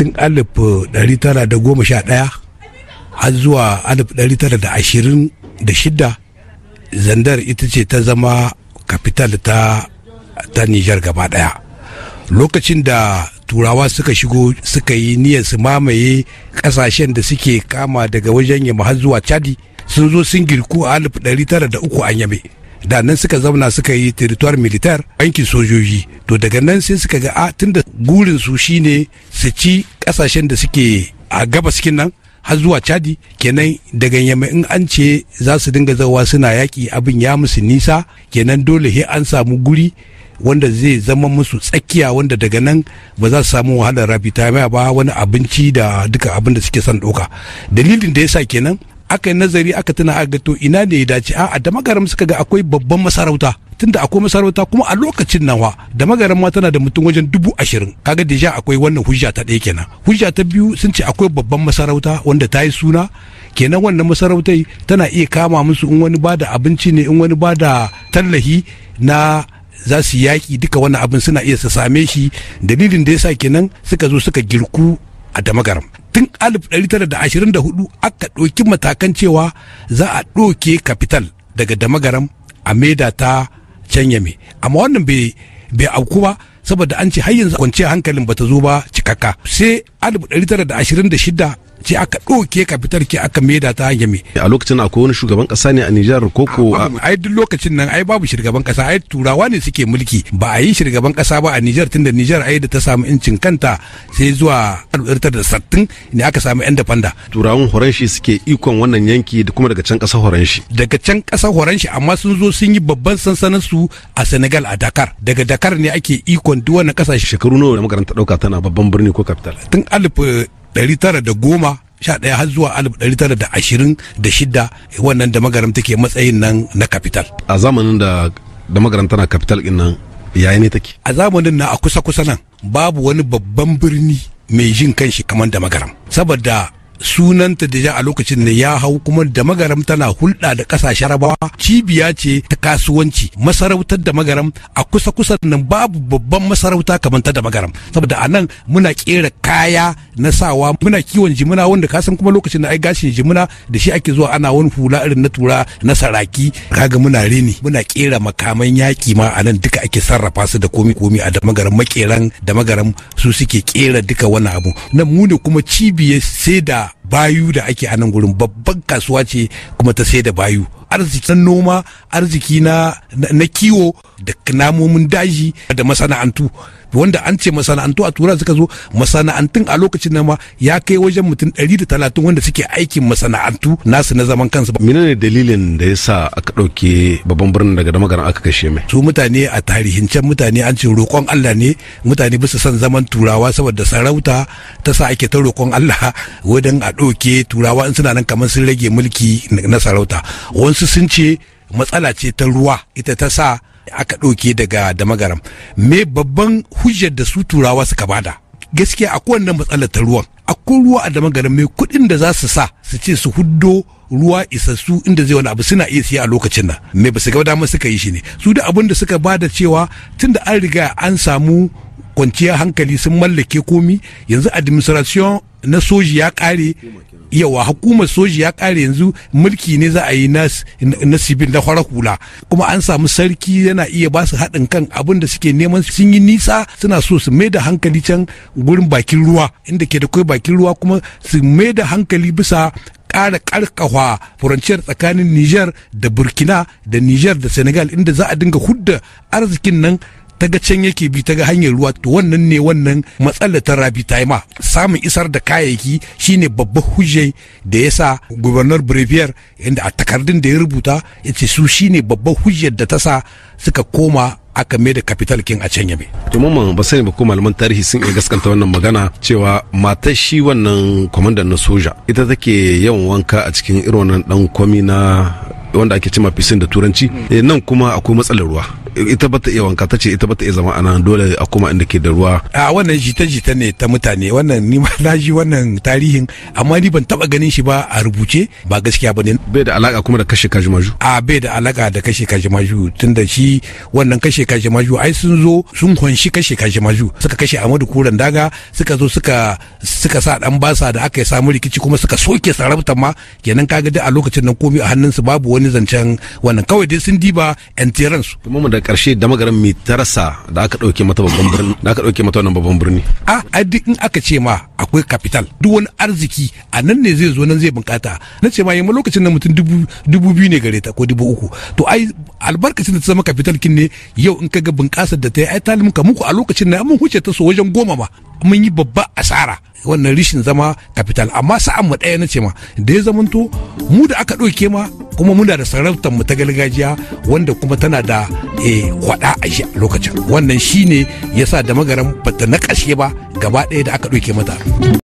tun alif eh, ɗari tara da goma sha ɗaya har zuwa alif dari tara da ashirin da shida zandar ita ce ta zama kapital ta ta nijar gaba daya lokacin da turawa suka shigo suka yi niyyar su mamaye kasashen da suke kama daga wajen yamma har zuwa chadi sun zo sun girku a alif dari tara da uku an yame da nan suka zauna suka yi territoire militaire bankin sojoji to daga nan sai suka ga a ah, tunda gurin su shine su ci kasashen da suke a gaba cikin nan har zuwa chadi kenan daga yamma in an ce za su dinga zawa suna yaki abin ya musu nisa kenan dole he an samu guri wanda zai zama musu tsakiya wanda daga nan ba za su samu wahalar rabita ba wani abinci da duka abin da suke son doka dalilin da yasa kenan aka yi nazari aka tuna aka to ina ne ya dace a da magaram suka ga akwai babban masarauta tunda akwai masarauta kuma a lokacin nawa da magaram ma tana da mutum wajen dubu ashirin kaga deja akwai wannan hujja ta ɗaya kenan hujja ta biyu sun ce akwai babban masarauta wanda ta yi suna kenan wannan masarautai tana iya kama musu in wani bada abinci ne in wani bada tallahi na za su yaƙi duka wannan abin suna iya su same shi dalilin da ya sa kenan suka zo suka girku a damagaram tun 1924 aka ɗauki matakan cewa za a ɗoke kapital daga damagaram a maida ta can yame amma wannan bai auku ba saboda an ce har yanzu kwanciyar hankalin ta zo ba cikakka sai 1926 ce aka ɗauke ka fitar ke aka maida ta hanyar me. a lokacin akwai wani shugaban ƙasa ne a Nijar ko a. ai duk lokacin nan ai babu shugaban ƙasa ai turawa ne suke mulki ba a yi shugaban ƙasa ba a Nijar tunda Nijar ai da ta samu incin kanta sai zuwa alɗartar da sattin ne aka samu yan dafanda. turawan horanshi suke ikon wannan yanki da kuma daga can ƙasa horanshi. daga can ƙasa horanshi amma sun zo sun yi babban sansanin su a Senegal a Dakar daga Dakar ne ake ikon duk wannan ƙasashe. shekaru nawa da makaranta ɗauka tana babban birni ko capital. tun alif eh, 910 ɗaya har zuwa 1926 wannan da magaram take matsayin nan na capital a zamanin da da magaram tana capital din nan yayi ne take a zamanin na a kusa kusa nan babu wani babban birni mai jin kanshi kamar da magaram saboda sunanta da a lokacin ne ya hau kuma da magaram tana hulɗa da ƙasashen rabawa cibiya ce ta kasuwanci masarautar da magaram a kusa kusa nan babu babban masarauta kamar ta da magaram saboda a nan muna ƙera kaya na sawa muna kiwon jimuna wanda ka san kuma lokacin da ai gashin jimuna da shi ake zuwa ana wani hula irin na tura na saraki kaga muna rini muna ƙera makaman yaki ma a nan duka ake sarrafa su da komi komi a da magaram makeran da magaram su suke ƙera duka wani abu nan mu ne kuma cibiyar sai da bayu da ake a nan gurin babban kasuwa ce kuma ta sai da bayu arziki na noma arziki na kiwo da namomin daji da masana'antu wanda an ce masana'antu a tura suka zo masana'antun a lokacin nan ma ya kai wajen mutum da talatin wanda suke aikin masana'antu nasu na zaman kansu menene dalilin da ya sa aka ɗauke babban birnin daga damagaran aka kashe mai su mutane a tarihin can mutane an ce roƙon Allah ne mutane bisa son zaman turawa saboda sarauta ta sa ake ta roƙon Allah wajen a ɗauke turawa in suna nan kamar sun rage mulki na sarauta wasu sun ce matsala ce ta ruwa ita ta sa aka ɗauke daga da me babban hujjar da su turawa suka bada gaskiya akwai wannan matsalar ta ruwan akwai ruwa a da magaram mai kuɗin da za su sa su ce su huddo ruwa isassu inda zai wani abu suna iya siya a lokacin nan me ba su ga dama suka yi shi ne su da abin da suka bada cewa tun da an riga an samu kwanciyar hankali sun mallake komi yanzu administration na soji ya kare yawa hukumar soji ya kare yanzu mulki ne za a yi na sibin na fara hula kuma an samu sarki yana iya ba su haɗin kan abin da suke neman sun yi nisa suna so su mai da hankali can gurin bakin ruwa inda ke da kai bakin ruwa kuma su mai da hankali bisa ƙara ƙarƙawa furanciyar tsakanin niger da burkina da niger da senegal inda za a dinga hudda arzikin nan ta ga can yake bi ta ga hanyar ruwa to wannan ne wannan matsalar ta rabi ta ma samun isar da kayayyaki shine babban hujjai da ya sa gubernar brevier inda a takardun da ya rubuta ya ce su shine babban hujjar da ta sa suka koma aka mai da capital king a can yabe. Tumuman ba sani ba ko malaman tarihi sun iya gaskanta wannan magana cewa matar shi wannan kwamandan na soja ita take yawan wanka a cikin irin wannan dan kwami na wanda ake cima fisin da turanci eh, nan kuma akwai matsalar ruwa ita ba ta iya wanka ta ce ita ba ta iya zama nan dole a kuma inda ke da ruwa a wannan jita-jita ne ta mutane wannan ni ma na ji wannan tarihin amma ni ban taba ganin shi ba a rubuce ba gaskiya ba ne bai da alaka kuma da kashe kajimaju a bai da alaka da kashe kajimaju tunda shi wannan kashe kajimaju ai sun zo sun kwanshi kashe kajimaju suka kashe Amadu Kuran daga suka zo suka suka sa dan basa da aka samu rikici kuma suka soke sarautar ma kenan kaga duk a lokacin nan komai a hannunsu babu wani zancen wannan kawai dai sun diba 'yan tiransu. daga karshe da magaran mai tarasa da aka dauke mata babban birni da aka dauke mata wannan babban birni a ai duk in aka ce ma akwai capital duk wani arziki a nan ne zai zo nan zai bunkata na ce ma yamma lokacin nan mutum dubu biyu ne gare ta ko dubu uku to ai albarkacin da ta zama capital kin ne yau in kaga bunkasar da ta yi ai ka muku a lokacin na mun huce ta so wajen goma ma mun yi babba asara wannan rishin zama capital amma sa'an mu ɗaya na ce ma da ya zamanto mu da aka ɗauke ma kuma muna da sarautar mu ta gargajiya wanda kuma tana da eh, kwaɗa a shi lokacin wannan shine yasa da magaran bata na ƙashe ba gaba ɗaya da aka ɗauke mata.